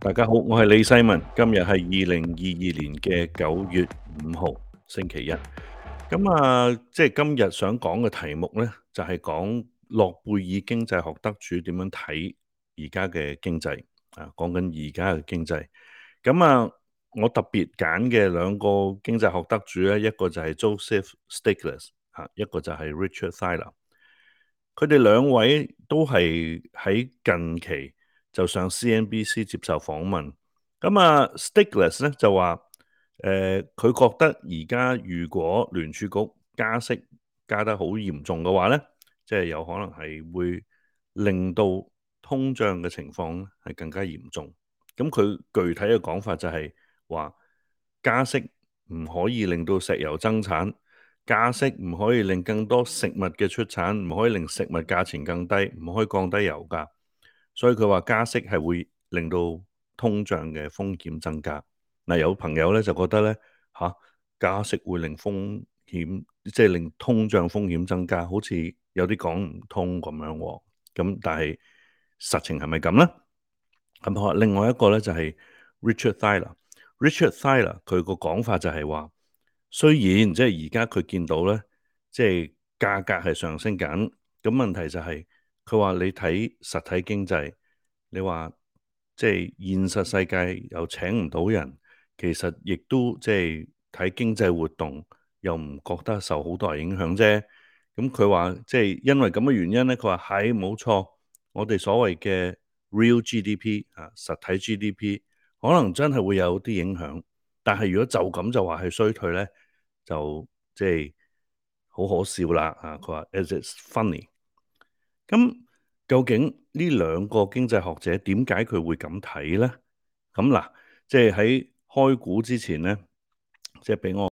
大家好，我係李世文。今日係二零二二年嘅九月五號，星期一。咁啊，即係今日想講嘅題目呢，就係、是、講諾貝爾經濟學得主點樣睇而家嘅經濟啊，講緊而家嘅經濟。咁啊，我特別揀嘅兩個經濟學得主，一個就係 Joseph Stiglitz、啊、一個就係 Richard Thaler。佢哋兩位都係喺近期。就上 CNBC 接受訪問，咁啊 s t i g l i s z 咧就話，誒、呃，佢覺得而家如果聯儲局加息加得好嚴重嘅話咧，即、就、係、是、有可能係會令到通脹嘅情況係更加嚴重。咁佢具體嘅講法就係話，加息唔可以令到石油增產，加息唔可以令更多食物嘅出產，唔可以令食物價錢更低，唔可以降低油價。所以佢話加息係會令到通脹嘅風險增加。嗱，有朋友呢就覺得呢，嚇、啊、加息會令風險，即、就、係、是、令通脹風險增加，好似有啲講唔通咁樣。咁但係實情係咪咁呢？咧？咁另外一個呢就係、是、Richard Thaler。Richard Thaler 佢個講法就係話，雖然即係而家佢見到呢，即、就、係、是、價格係上升緊，咁問題就係、是。佢話：你睇實體經濟，你話即係現實世界又請唔到人，其實亦都即係睇經濟活動又唔覺得受好大影響啫。咁佢話即係因為咁嘅原因咧，佢話係冇錯，我哋所謂嘅 real GDP 啊，實體 GDP 可能真係會有啲影響，但係如果就咁就話係衰退咧，就即係好可笑啦。啊，佢話 is it funny。咁究竟呢兩個經濟學者點解佢會咁睇咧？咁嗱，即係喺開股之前咧，即係俾我，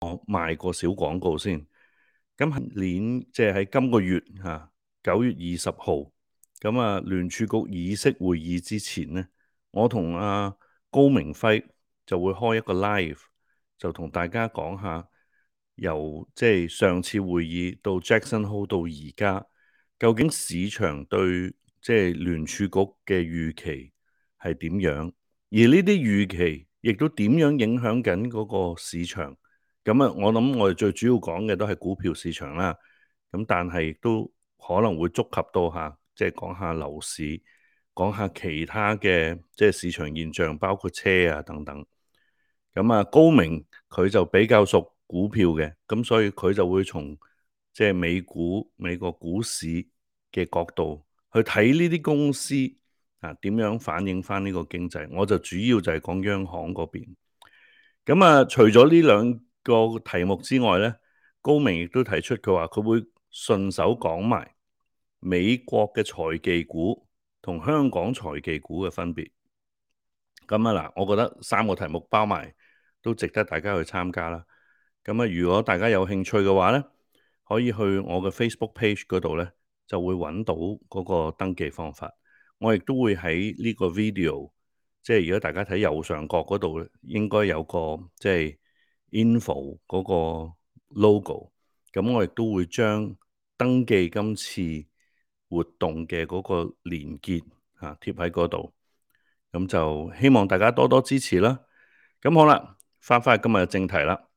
我賣個小廣告先。今年即係喺今個月嚇九、啊、月二十號，咁啊聯儲局議息會議之前咧，我同阿、啊、高明輝就會開一個 live，就同大家講下由即係上次會議到 Jackson Hole 到而家。究竟市場對即係聯儲局嘅預期係點樣？而呢啲預期亦都點樣影響緊嗰個市場？咁啊，我諗我哋最主要講嘅都係股票市場啦。咁但係亦都可能會觸及到下，即係講下樓市，講下其他嘅即係市場現象，包括車啊等等。咁啊，高明佢就比較熟股票嘅，咁所以佢就會從即係美股、美國股市嘅角度去睇呢啲公司啊，點樣反映翻呢個經濟？我就主要就係講央行嗰邊。咁啊，除咗呢兩個題目之外咧，高明亦都提出佢話佢會順手講埋美國嘅財技股同香港財技股嘅分別。咁啊嗱，我覺得三個題目包埋都值得大家去參加啦。咁啊，如果大家有興趣嘅話咧，可以去我嘅 Facebook page 嗰度咧，就會揾到嗰個登記方法。我亦都會喺呢個 video，即係如果大家睇右上角嗰度咧，應該有個即係 info 嗰個 logo。咁我亦都會將登記今次活動嘅嗰個連結嚇貼喺嗰度。咁、啊、就希望大家多多支持啦。咁好啦，翻翻去今日嘅正題啦。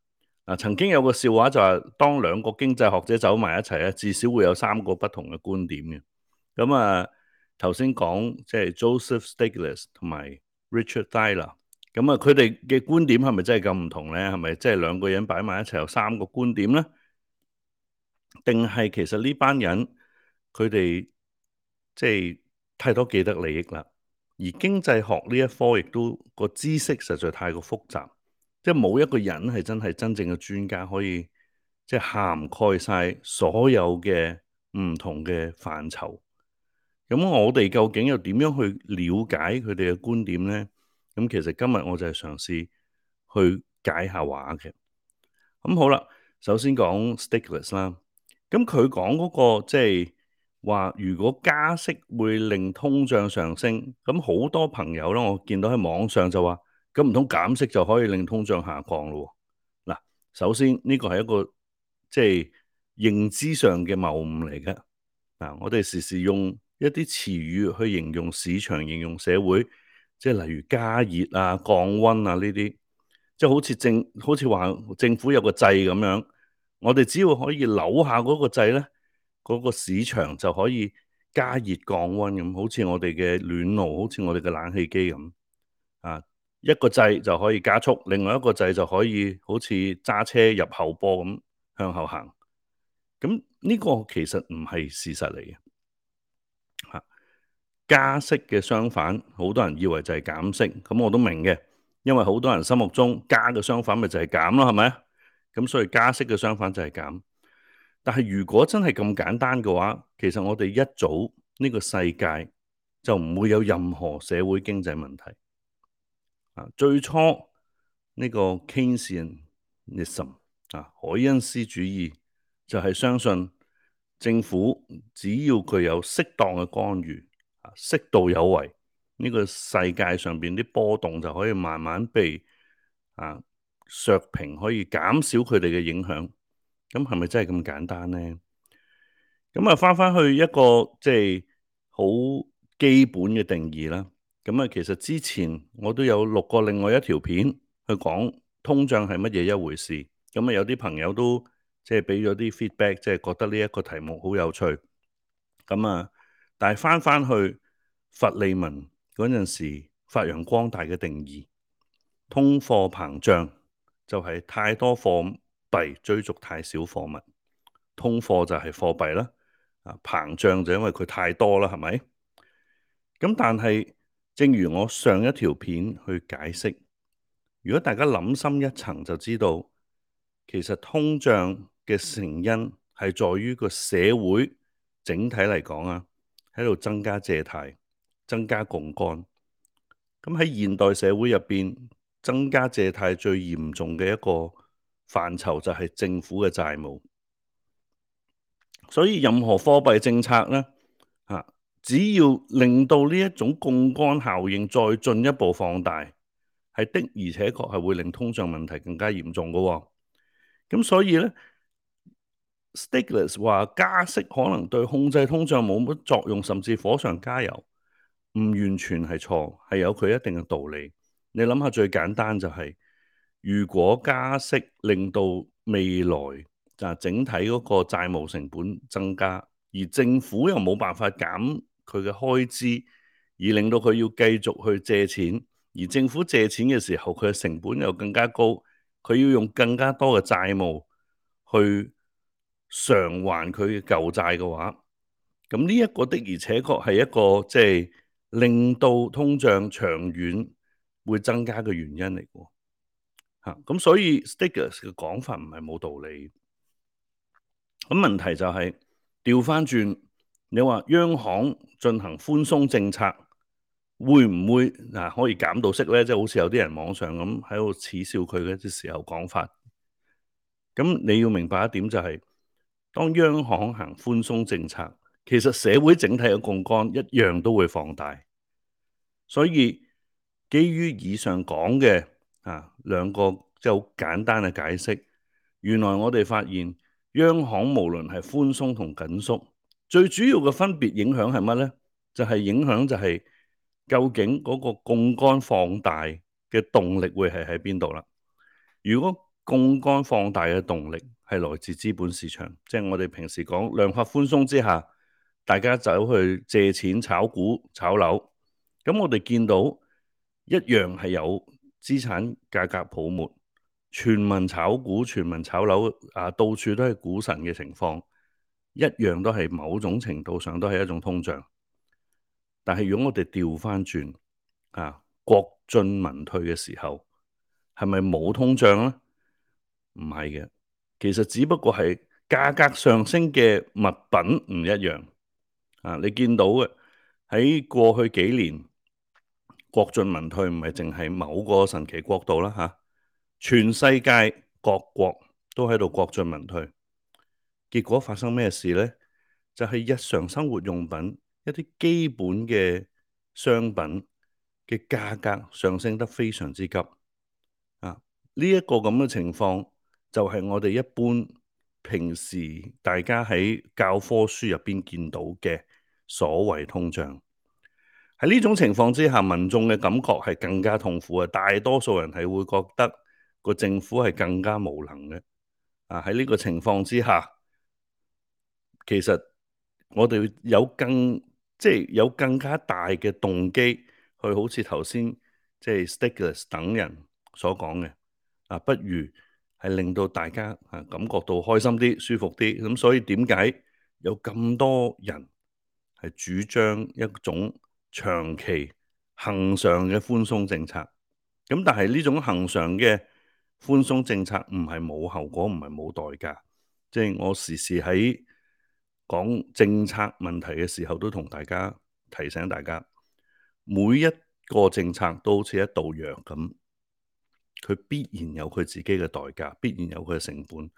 嗱，曾經有個笑話就係、是，當兩個經濟學者走埋一齊咧，至少會有三個不同嘅觀點嘅。咁、嗯、啊，頭先講即係 Joseph Stiglitz 同埋 Richard Thaler，咁啊，佢哋嘅觀點係咪真係咁唔同咧？係咪即係兩個人擺埋一齊有三個觀點咧？定係其實呢班人佢哋即係太多既得利益啦，而經濟學呢一科亦都、那個知識實在太過複雜。即係冇一個人係真係真正嘅專家，可以即係、就是、涵蓋晒所有嘅唔同嘅範疇。咁我哋究竟又點樣去了解佢哋嘅觀點咧？咁其實今日我就係嘗試去解下話嘅。咁好啦，首先講 Stiglitz 啦。咁佢講嗰、那個即係話，如果加息會令通脹上升，咁好多朋友咧，我見到喺網上就話。咁唔通減息就可以令通脹下降咯？嗱，首先呢個係一個即係認知上嘅謬誤嚟嘅。嗱、啊，我哋時時用一啲詞語去形容市場、形容社會，即係例如加熱啊、降溫啊呢啲，即係好似政好似話政府有個掣咁樣，我哋只要可以扭下嗰個掣咧，嗰個市場就可以加熱、降溫咁，好似我哋嘅暖爐，好似我哋嘅冷氣機咁啊。一個掣就可以加速，另外一個掣就可以好似揸車入後波咁向後行。咁呢個其實唔係事實嚟嘅。嚇，加息嘅相反，好多人以為就係減息。咁我都明嘅，因為好多人心目中加嘅相反咪就係減咯，係咪？咁所以加息嘅相反就係減。但係如果真係咁簡單嘅話，其實我哋一早呢個世界就唔會有任何社會經濟問題。啊！最初呢個 Keynesianism 啊，凱恩斯主義就係、是、相信政府只要佢有適當嘅干預啊，適度有為，呢、這個世界上面啲波動就可以慢慢被啊削平，可以減少佢哋嘅影響。咁係咪真係咁簡單咧？咁啊，翻翻去一個即係好基本嘅定義啦。咁啊，其實之前我都有錄過另外一條片去講通脹係乜嘢一回事。咁啊，有啲朋友都即係畀咗啲 feedback，即係覺得呢一個題目好有趣。咁啊，但係翻翻去佛利文嗰陣時發揚光大嘅定義，通貨膨脹就係太多貨幣追逐太少貨物。通貨就係貨幣啦，啊膨脹就因為佢太多啦，係咪？咁但係正如我上一條片去解釋，如果大家諗深一層就知道，其實通脹嘅成因係在於個社會整體嚟講啊，喺度增加借貸、增加槓桿。咁喺現代社會入邊，增加借貸最嚴重嘅一個範疇就係政府嘅債務。所以任何貨幣政策呢，只要令到呢一種槓桿效應再進一步放大，係的，而且確係會令通脹問題更加嚴重噶、哦。咁所以咧，Stiglitz 話加息可能對控制通脹冇乜作用，甚至火上加油，唔完全係錯，係有佢一定嘅道理。你諗下最簡單就係、是，如果加息令到未來就整體嗰個債務成本增加。而政府又冇辦法減佢嘅開支，而令到佢要繼續去借錢，而政府借錢嘅時候，佢嘅成本又更加高，佢要用更加多嘅債務去償還佢嘅舊債嘅話，咁呢一個的而且確係一個即係令到通脹長遠會增加嘅原因嚟嘅。嚇！咁所以 Stiggers 嘅講法唔係冇道理。咁問題就係、是。調翻轉，你話央行進行寬鬆政策，會唔會嗱、啊、可以減到息呢？即、就是、好似有啲人網上咁喺度恥笑佢嘅一啲時候講法。咁你要明白一點就係、是，當央行行寬鬆政策，其實社會整體嘅槓桿一樣都會放大。所以基於以上講嘅啊兩個即係好簡單嘅解釋，原來我哋發現。央行無論係寬鬆同緊縮，最主要嘅分別影響係乜呢？就係、是、影響就係究竟嗰個槓桿放大嘅動力會係喺邊度啦。如果槓桿放大嘅動力係來自資本市場，即、就、係、是、我哋平時講量化寬鬆之下，大家走去借錢炒股、炒樓，咁我哋見到一樣係有資產價格泡沫。全民炒股、全民炒樓，啊，到處都係股神嘅情況，一樣都係某種程度上都係一種通脹。但係如果我哋調翻轉啊，國進民退嘅時候，係咪冇通脹咧？唔係嘅，其實只不過係價格上升嘅物品唔一樣。啊，你見到嘅喺過去幾年國進民退，唔係淨係某個神奇國度啦，吓、啊。全世界各國都喺度國進民退，結果發生咩事呢？就係日常生活用品、一啲基本嘅商品嘅價格上升得非常之急。呢一個咁嘅情況，就係我哋一般平時大家喺教科書入邊見到嘅所謂通脹。喺呢種情況之下，民眾嘅感覺係更加痛苦嘅，大多數人係會覺得。個政府係更加無能嘅，啊喺呢個情況之下，其實我哋有更即係、就是、有更加大嘅動機去好似頭先即係 Stiglitz 等人所講嘅，啊不如係令到大家啊感覺到開心啲、舒服啲，咁所以點解有咁多人係主張一種長期恆常嘅寬鬆政策？咁但係呢種恆常嘅寬鬆政策唔係冇後果，唔係冇代價。即係我時時喺講政策問題嘅時候，都同大家提醒大家，每一個政策都好似一道藥咁，佢必然有佢自己嘅代價，必然有佢嘅成本。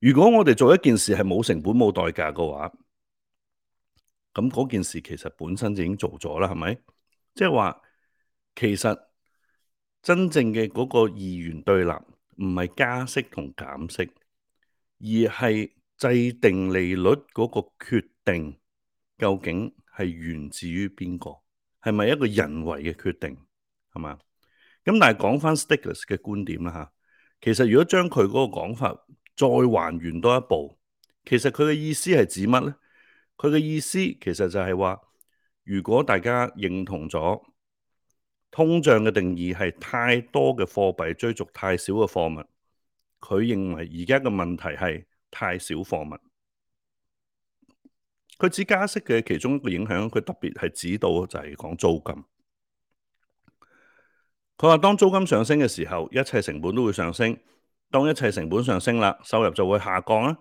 如果我哋做一件事係冇成本冇代價嘅話，咁嗰件事其實本身就已經做咗啦，係咪？即係話，其實真正嘅嗰個二元對立。唔係加息同減息，而係制定利率嗰個決定，究竟係源自於邊個？係咪一個人為嘅決定？係嘛？咁但係講翻 Stiglitz 嘅觀點啦吓，其實如果將佢嗰個講法再還原多一步，其實佢嘅意思係指乜咧？佢嘅意思其實就係話，如果大家認同咗。通脹嘅定義係太多嘅貨幣追逐太少嘅貨物。佢認為而家嘅問題係太少貨物。佢指加息嘅其中一個影響，佢特別係指到就係、是、講租金。佢話當租金上升嘅時候，一切成本都會上升。當一切成本上升啦，收入就會下降啊！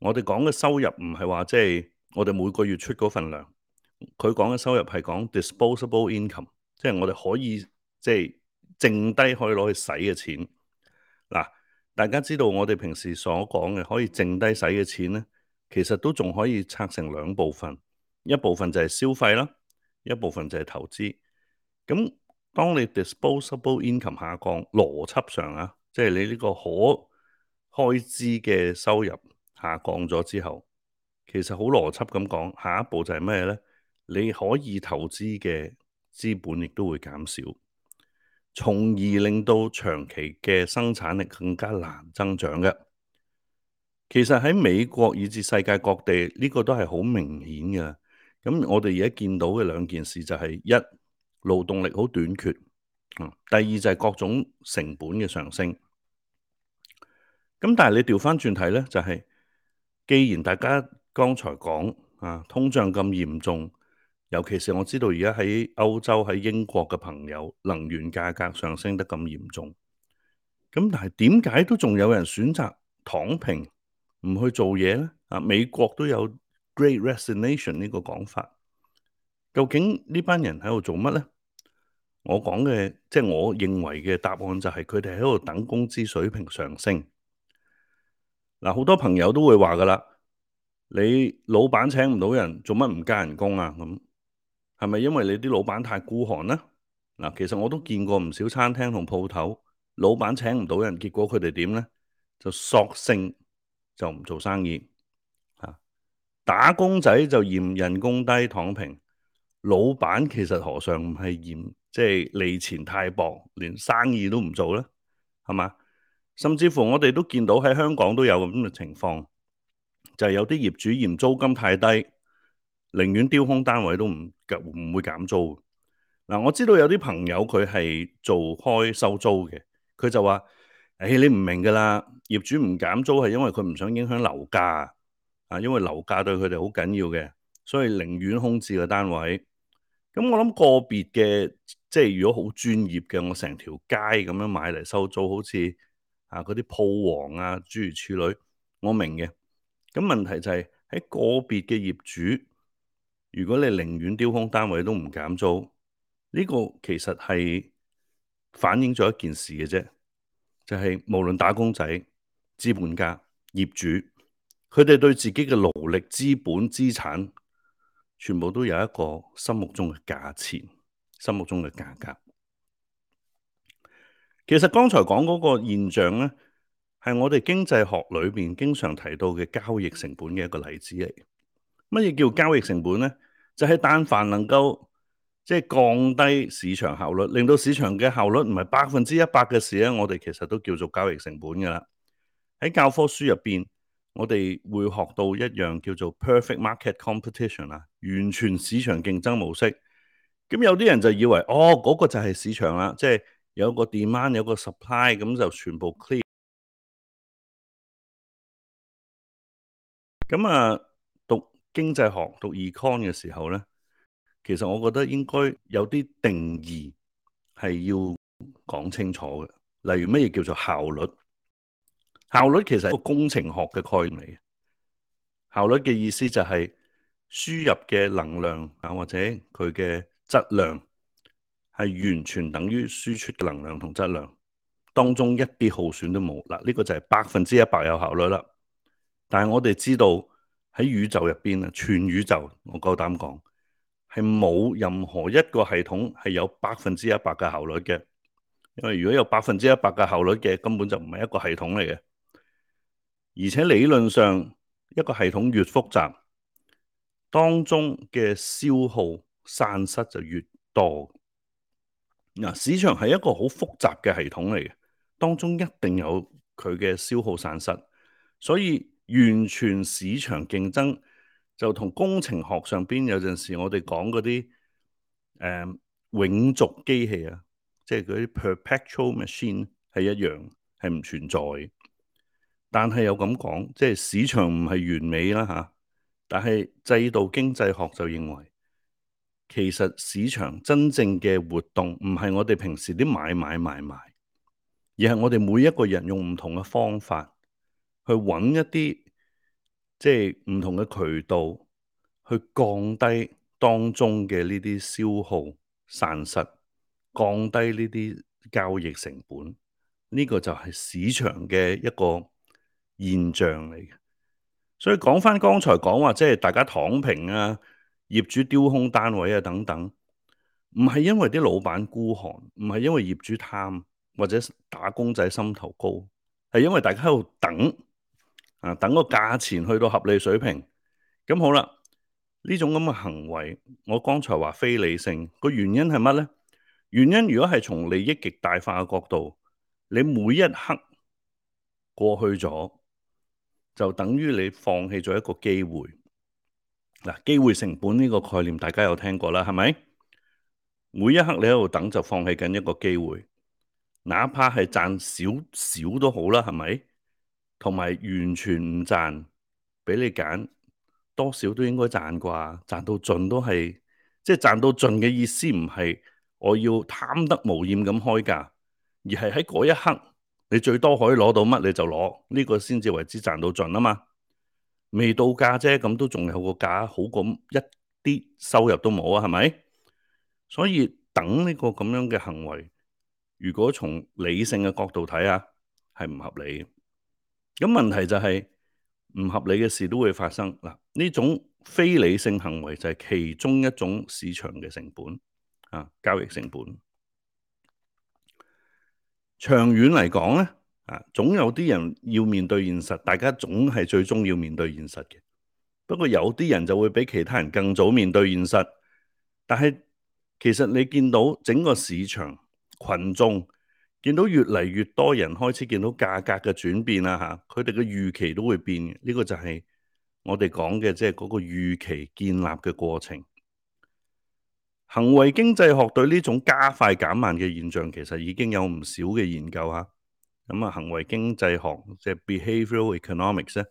我哋講嘅收入唔係話即係我哋每個月出嗰份糧。佢講嘅收入係講 disposable income。即係我哋可以即係、就是、剩低可以攞去使嘅錢。嗱，大家知道我哋平時所講嘅可以剩低使嘅錢咧，其實都仲可以拆成兩部分，一部分就係消費啦，一部分就係投資。咁當你 disposable income 下降，邏輯上啊，即係你呢個可開支嘅收入下降咗之後，其實好邏輯咁講，下一步就係咩咧？你可以投資嘅。資本亦都會減少，從而令到長期嘅生產力更加難增長嘅。其實喺美國以至世界各地，呢個都係好明顯嘅。咁我哋而家見到嘅兩件事就係，一，勞動力好短缺，第二就係各種成本嘅上升。咁但係你調翻轉睇咧，就係既然大家剛才講啊，通脹咁嚴重。尤其是我知道而家喺歐洲喺英國嘅朋友，能源價格上升得咁嚴重，咁但係點解都仲有人選擇躺平唔去做嘢咧？啊，美國都有 Great Resignation 呢個講法，究竟呢班人喺度做乜咧？我講嘅即係我認為嘅答案就係佢哋喺度等工資水平上升。嗱，好多朋友都會話噶啦，你老闆請唔到人，做乜唔加人工啊？咁係咪因為你啲老闆太孤寒咧？嗱，其實我都見過唔少餐廳同鋪頭老闆請唔到人，結果佢哋點咧，就索性就唔做生意。吓，打工仔就嫌人工低躺平，老闆其實何嘗唔係嫌即係利錢太薄，連生意都唔做咧，係嘛？甚至乎我哋都見到喺香港都有咁嘅情況，就係有啲業主嫌租金太低。寧願丟空單位都唔唔會減租。啊，我知道有啲朋友佢係做開收租嘅，佢就話：誒、哎、你唔明㗎啦，業主唔減租係因為佢唔想影響樓價啊，因為樓價對佢哋好緊要嘅，所以寧願空置個單位。咁我諗個別嘅，即係如果好專業嘅，我成條街咁樣買嚟收租，好似啊嗰啲鋪王啊，諸如此類，我明嘅。咁問題就係、是、喺個別嘅業主。如果你寧願丟空單位都唔減租，呢個其實係反映咗一件事嘅啫，就係無論打工仔、資本家、業主，佢哋對自己嘅勞力、資本、資產，全部都有一個心目中嘅價錢、心目中嘅價格。其實剛才講嗰個現象呢，係我哋經濟學裏面經常提到嘅交易成本嘅一個例子嚟。乜嘢叫交易成本呢？就係但凡能夠即係、就是、降低市場效率，令到市場嘅效率唔係百分之一百嘅事咧，我哋其實都叫做交易成本㗎啦。喺教科書入邊，我哋會學到一樣叫做 perfect market competition 啦，完全市場競爭模式。咁有啲人就以為哦，嗰、那個就係市場啦，即、就、係、是、有個 demand 有個 supply 咁就全部 clear。咁啊。經濟學讀 econ 嘅時候咧，其實我覺得應該有啲定義係要講清楚嘅。例如咩叫做效率？效率其實係個工程學嘅概念嚟。效率嘅意思就係輸入嘅能量啊，或者佢嘅質量係完全等於輸出嘅能量同質量，當中一啲耗損都冇。嗱，呢個就係百分之一百有效率啦。但係我哋知道。喺宇宙入邊啊，全宇宙我夠膽講係冇任何一個系統係有百分之一百嘅效率嘅，因為如果有百分之一百嘅效率嘅，根本就唔係一個系統嚟嘅。而且理論上一個系統越複雜，當中嘅消耗散失就越多。嗱，市場係一個好複雜嘅系統嚟嘅，當中一定有佢嘅消耗散失，所以，完全市場競爭就同工程學上邊有陣時我哋講嗰啲誒永續機器啊，即係嗰啲 perpetual machine 係一樣係唔存在。但係又咁講，即係市場唔係完美啦、啊、吓？但係制度經濟學就認為，其實市場真正嘅活動唔係我哋平時啲買買買買，而係我哋每一個人用唔同嘅方法。去揾一啲即係唔同嘅渠道，去降低當中嘅呢啲消耗、散失，降低呢啲交易成本。呢個就係市場嘅一個現象嚟嘅。所以講翻剛才講話，即係大家躺平啊，業主丟空單位啊，等等，唔係因為啲老闆孤寒，唔係因為業主貪或者打工仔心頭高，係因為大家喺度等。啊！等個價錢去到合理水平，咁、嗯、好啦。呢種咁嘅行為，我剛才話非理性，個原因係乜呢？原因如果係從利益極大化嘅角度，你每一刻過去咗，就等於你放棄咗一個機會。嗱、啊，機會成本呢個概念大家有聽過啦，係咪？每一刻你喺度等就放棄緊一個機會，哪怕係賺少少都好啦，係咪？同埋完全唔賺，俾你揀多少都應該賺啩，賺到盡都係即係賺到盡嘅意思，唔係我要貪得無厭咁開價，而係喺嗰一刻你最多可以攞到乜你就攞，呢個先至為之賺到盡啊嘛。未到價啫，咁都仲有個價好過一啲收入都冇啊，係咪？所以等呢個咁樣嘅行為，如果從理性嘅角度睇啊，係唔合理。咁問題就係唔合理嘅事都會發生嗱，呢種非理性行為就係其中一種市場嘅成本啊，交易成本。長遠嚟講咧，啊，總有啲人要面對現實，大家總係最終要面對現實嘅。不過有啲人就會比其他人更早面對現實，但係其實你見到整個市場群眾。見到越嚟越多人開始見到價格嘅轉變啦，嚇佢哋嘅預期都會變呢、這個就係我哋講嘅，即係嗰個預期建立嘅過程。行為經濟學對呢種加快減慢嘅現象，其實已經有唔少嘅研究嚇。咁啊，行為經濟學即係、就是、behavioral economics 咧，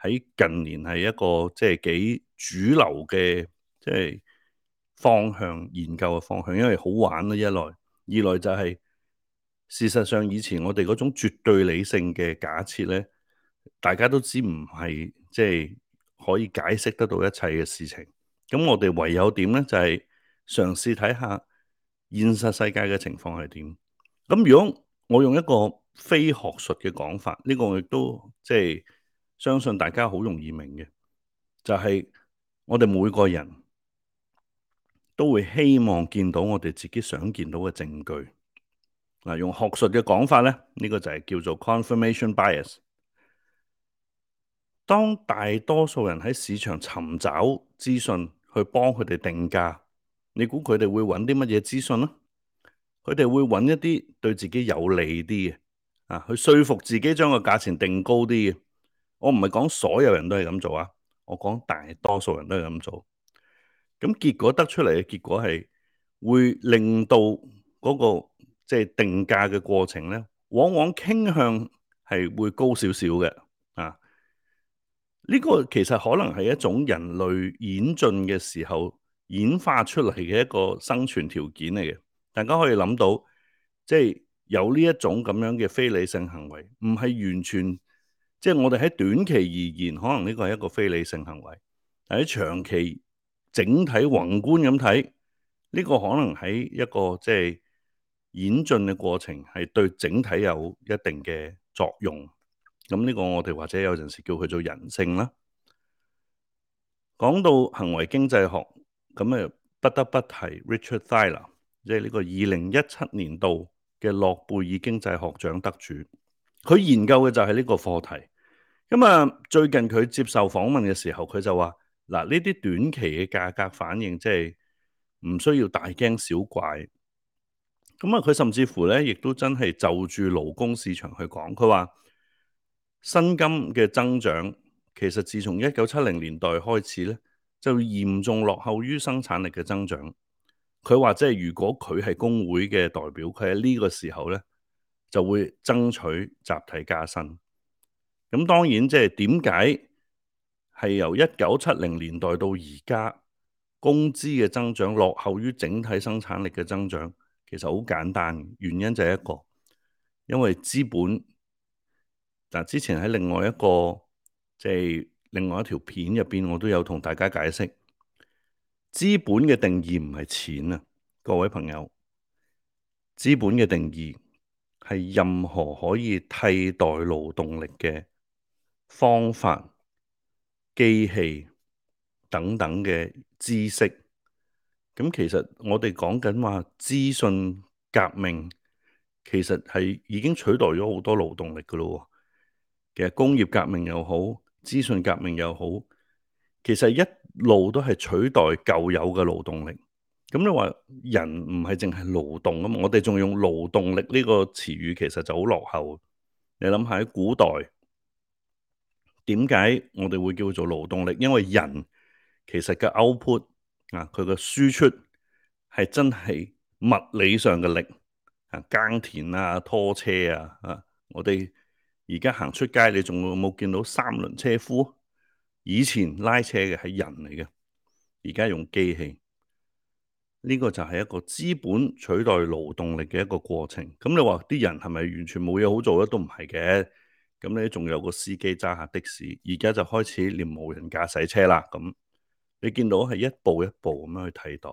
喺近年係一個即係、就是、幾主流嘅即係方向研究嘅方向，因為好玩啦、啊、一來，二來就係、是。事實上，以前我哋嗰種絕對理性嘅假設咧，大家都知唔係即係可以解釋得到一切嘅事情。咁我哋唯有點咧，就係、是、嘗試睇下現實世界嘅情況係點。咁如果我用一個非學術嘅講法，呢、這個我亦都即係相信大家好容易明嘅，就係、是、我哋每個人都會希望見到我哋自己想見到嘅證據。嗱，用學術嘅講法咧，呢個就係叫做 confirmation bias。當大多數人喺市場尋找資訊去幫佢哋定價，你估佢哋會揾啲乜嘢資訊咧？佢哋會揾一啲對自己有利啲嘅，啊，去説服自己將個價錢定高啲嘅。我唔係講所有人都係咁做啊，我講大多數人都係咁做。咁結果得出嚟嘅結果係會令到嗰個。即係定價嘅過程呢，往往傾向係會高少少嘅啊！呢個其實可能係一種人類演進嘅時候演化出嚟嘅一個生存條件嚟嘅。大家可以諗到，即係有呢一種咁樣嘅非理性行為，唔係完全即係我哋喺短期而言，可能呢個係一個非理性行為，但喺長期整體宏觀咁睇，呢個可能喺一個即係演進嘅過程係對整體有一定嘅作用，咁呢個我哋或者有陣時叫佢做人性啦。講到行為經濟學，咁啊不得不提 Richard Thaler，即係呢個二零一七年度嘅諾貝爾經濟學獎得主。佢研究嘅就係呢個課題。咁啊，最近佢接受訪問嘅時候，佢就話：嗱，呢啲短期嘅價格反應，即係唔需要大驚小怪。咁啊！佢甚至乎咧，亦都真係就住勞工市場去講。佢話薪金嘅增長，其實自從一九七零年代開始咧，就嚴重落後於生產力嘅增長。佢話即係如果佢係工會嘅代表，佢喺呢個時候咧，就會爭取集體加薪。咁當然即係點解係由一九七零年代到而家，工資嘅增長落後於整體生產力嘅增長？其實好簡單，原因就係一個，因為資本嗱，之前喺另外一個即係、就是、另外一條片入邊，我都有同大家解釋，資本嘅定義唔係錢啊，各位朋友，資本嘅定義係任何可以替代勞動力嘅方法、機器等等嘅知識。咁其實我哋講緊話資訊革命，其實係已經取代咗好多勞動力㗎喇。其實工業革命又好，資訊革命又好，其實一路都係取代舊有嘅勞動力。咁你話人唔係淨係勞動啊嘛？我哋仲用勞動力呢個詞語，其實就好落後。你諗下喺古代，點解我哋會叫做勞動力？因為人其實嘅 output。啊！佢嘅輸出係真係物理上嘅力啊，耕田啊，拖車啊啊！我哋而家行出街，你仲有冇見到三輪車夫？以前拉車嘅係人嚟嘅，而家用機器，呢個就係一個資本取代勞動力嘅一個過程。咁你話啲人係咪完全冇嘢好做咧？都唔係嘅。咁你仲有個司機揸下的士，而家就開始連無人駕駛車啦。咁你見到係一步一步咁樣去替代，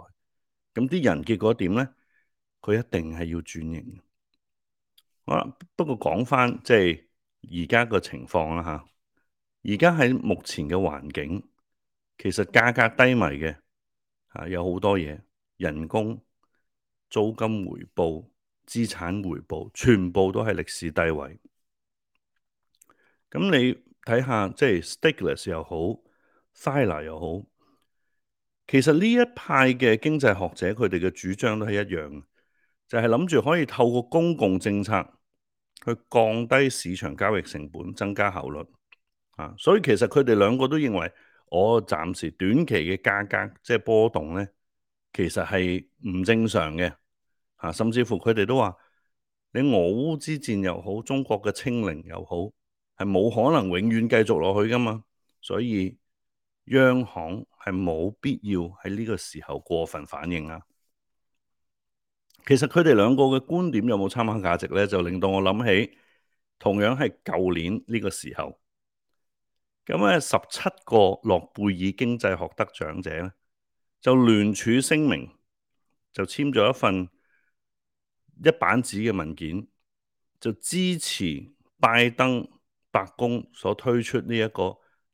咁啲人結果點咧？佢一定係要轉型。好啦，不過講翻即係而家個情況啦嚇。而家喺目前嘅環境，其實價格低迷嘅嚇，有好多嘢人工、租金回報、資產回報，全部都係歷史低位。咁你睇下，即係 Stiglus 又好，Sila 又好。其實呢一派嘅經濟學者，佢哋嘅主張都係一樣，就係諗住可以透過公共政策去降低市場交易成本，增加效率。啊，所以其實佢哋兩個都認為，我暫時短期嘅價格即係波動咧，其實係唔正常嘅。啊，甚至乎佢哋都話：你俄烏之戰又好，中國嘅清零又好，係冇可能永遠繼續落去㗎嘛。所以央行係冇必要喺呢個時候過分反應啊。其實佢哋兩個嘅觀點有冇參考價值咧，就令到我諗起同樣係舊年呢個時候，咁咧十七個諾貝爾經濟學得獎者咧就聯署聲明，就簽咗一份一版紙嘅文件，就支持拜登、白宮所推出呢、這、一個。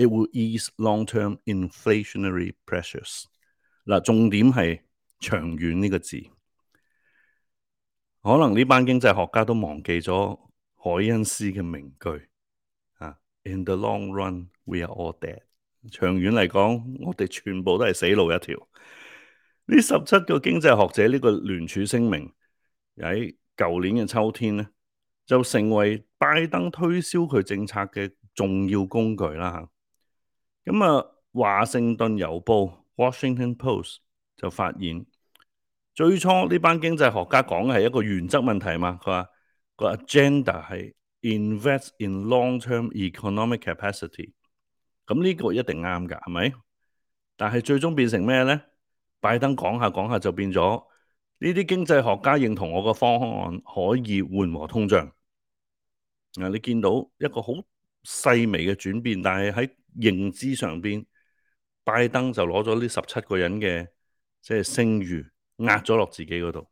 It will ease long-term inflationary pressures。嗱，重點係長遠呢個字。可能呢班經濟學家都忘記咗凱恩斯嘅名句啊。In the long run, we are all dead。長遠嚟講，我哋全部都係死路一條。呢十七個經濟學者呢個聯署聲明喺舊年嘅秋天咧，就成為拜登推銷佢政策嘅重要工具啦。啊咁啊，嗯《華盛頓郵報》（Washington Post） 就發現，最初呢班經濟學家講嘅係一個原則問題嘛。佢話個 agenda 係 invest in long-term economic capacity，嗯。咁、這、呢個一定啱㗎，係咪？但係最終變成咩咧？拜登講下講下就變咗，呢啲經濟學家認同我個方案可以緩和通脹。啊、嗯，你見到一個好細微嘅轉變，但係喺認知上邊，拜登就攞咗呢十七個人嘅即係聲譽壓咗落自己嗰度。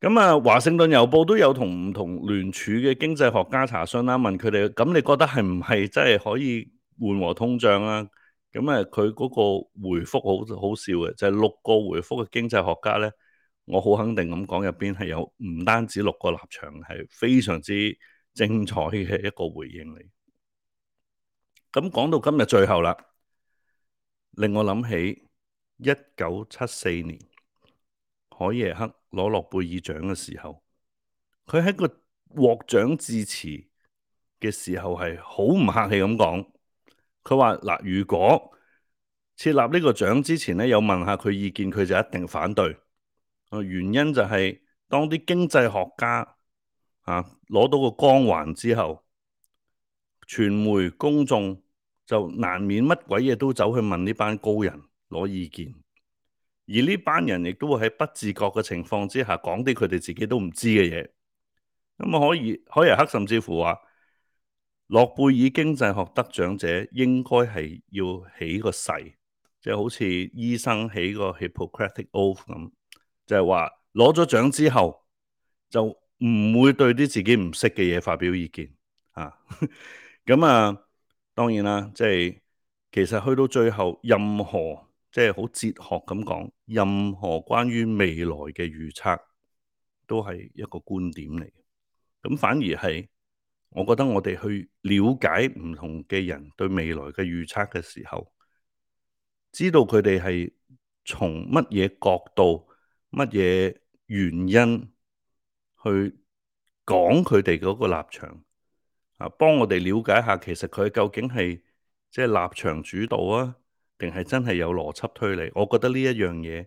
咁啊，華盛頓郵報都有同唔同聯署嘅經濟學家查詢啦、啊，問佢哋咁，你覺得係唔係真係可以緩和通脹啊？咁啊，佢嗰個回覆好好笑嘅，就係、是、六個回覆嘅經濟學家咧，我好肯定咁講，入邊係有唔單止六個立場，係非常之精彩嘅一個回應嚟。咁講到今日最後啦，令我諗起一九七四年海耶克攞諾貝爾獎嘅時候，佢喺個獲獎致辭嘅時候係好唔客氣咁講，佢話嗱，如果設立呢個獎之前咧，有問下佢意見，佢就一定反對。原因就係當啲經濟學家啊攞到個光環之後，傳媒公眾，就難免乜鬼嘢都走去問呢班高人攞意見，而呢班人亦都會喺不自覺嘅情況之下講啲佢哋自己都唔知嘅嘢。咁啊，可以海耶克甚至乎話諾貝爾經濟學得獎者應該係要起個誓，即係好似醫生起個 Hippocratic oath 咁，就係話攞咗獎之後就唔會對啲自己唔識嘅嘢發表意見啊。咁 啊～當然啦，即係，其實去到最後，任何即係好哲學咁講，任何關於未來嘅預測都係一個觀點嚟。咁反而係，我覺得我哋去了解唔同嘅人對未來嘅預測嘅時候，知道佢哋係從乜嘢角度、乜嘢原因去講佢哋嗰個立場。啊！幫我哋了解下，其實佢究竟係即係立場主導啊，定係真係有邏輯推理？我覺得呢一樣嘢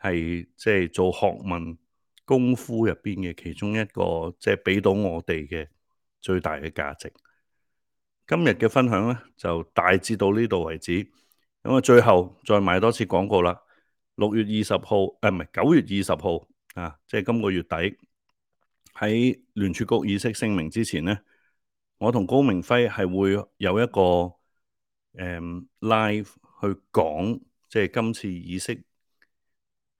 係即係做學問功夫入邊嘅其中一個，即係俾到我哋嘅最大嘅價值。今日嘅分享咧就大致到呢度為止。咁啊，最後再賣多次廣告啦。六月二十號誒，唔係九月二十號啊，即係、啊就是、今個月底喺聯儲局議息聲明之前咧。我同高明輝係會有一個誒、嗯、live 去講，即係今次議息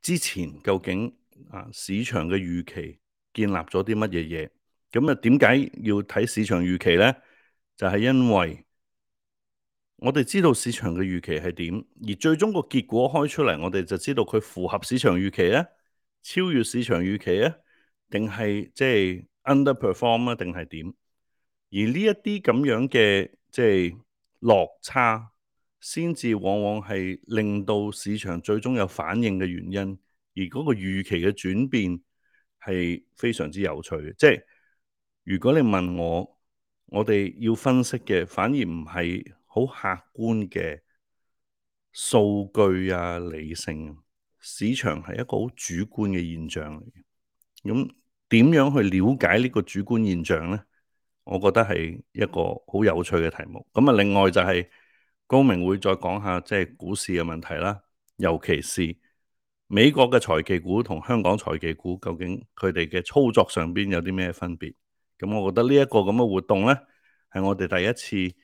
之前究竟啊市場嘅預期建立咗啲乜嘢嘢？咁啊點解要睇市場預期咧？就係、是、因為我哋知道市場嘅預期係點，而最終個結果開出嚟，我哋就知道佢符合市場預期咧，超越市場預期咧，定係即係 underperform 啊？定係點？而呢一啲咁樣嘅即係落差，先至往往係令到市場最終有反應嘅原因。而嗰個預期嘅轉變係非常之有趣嘅。即係如果你問我，我哋要分析嘅反而唔係好客觀嘅數據啊、理性。市場係一個好主觀嘅現象嚟嘅。咁點樣去了解呢個主觀現象呢？我覺得係一個好有趣嘅題目。咁啊，另外就係高明會再講下即係股市嘅問題啦，尤其是美國嘅財技股同香港財技股究竟佢哋嘅操作上邊有啲咩分別？咁我覺得呢一個咁嘅活動呢，係我哋第一次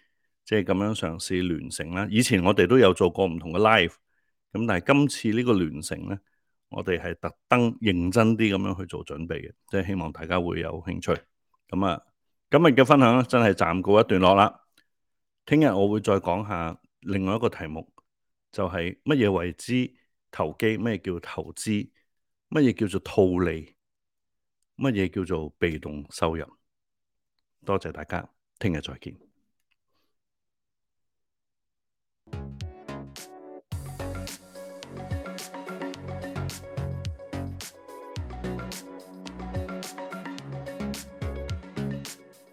即係咁樣嘗試聯城啦。以前我哋都有做過唔同嘅 live，咁但係今次呢個聯城呢，我哋係特登認真啲咁樣去做準備嘅，即係希望大家會有興趣。咁啊～今日嘅分享咧，真係暫告一段落啦。聽日我會再講下另外一個題目，就係乜嘢為之投機，乜嘢叫投資，乜嘢叫做套利，乜嘢叫做被動收入。多謝大家，聽日再見。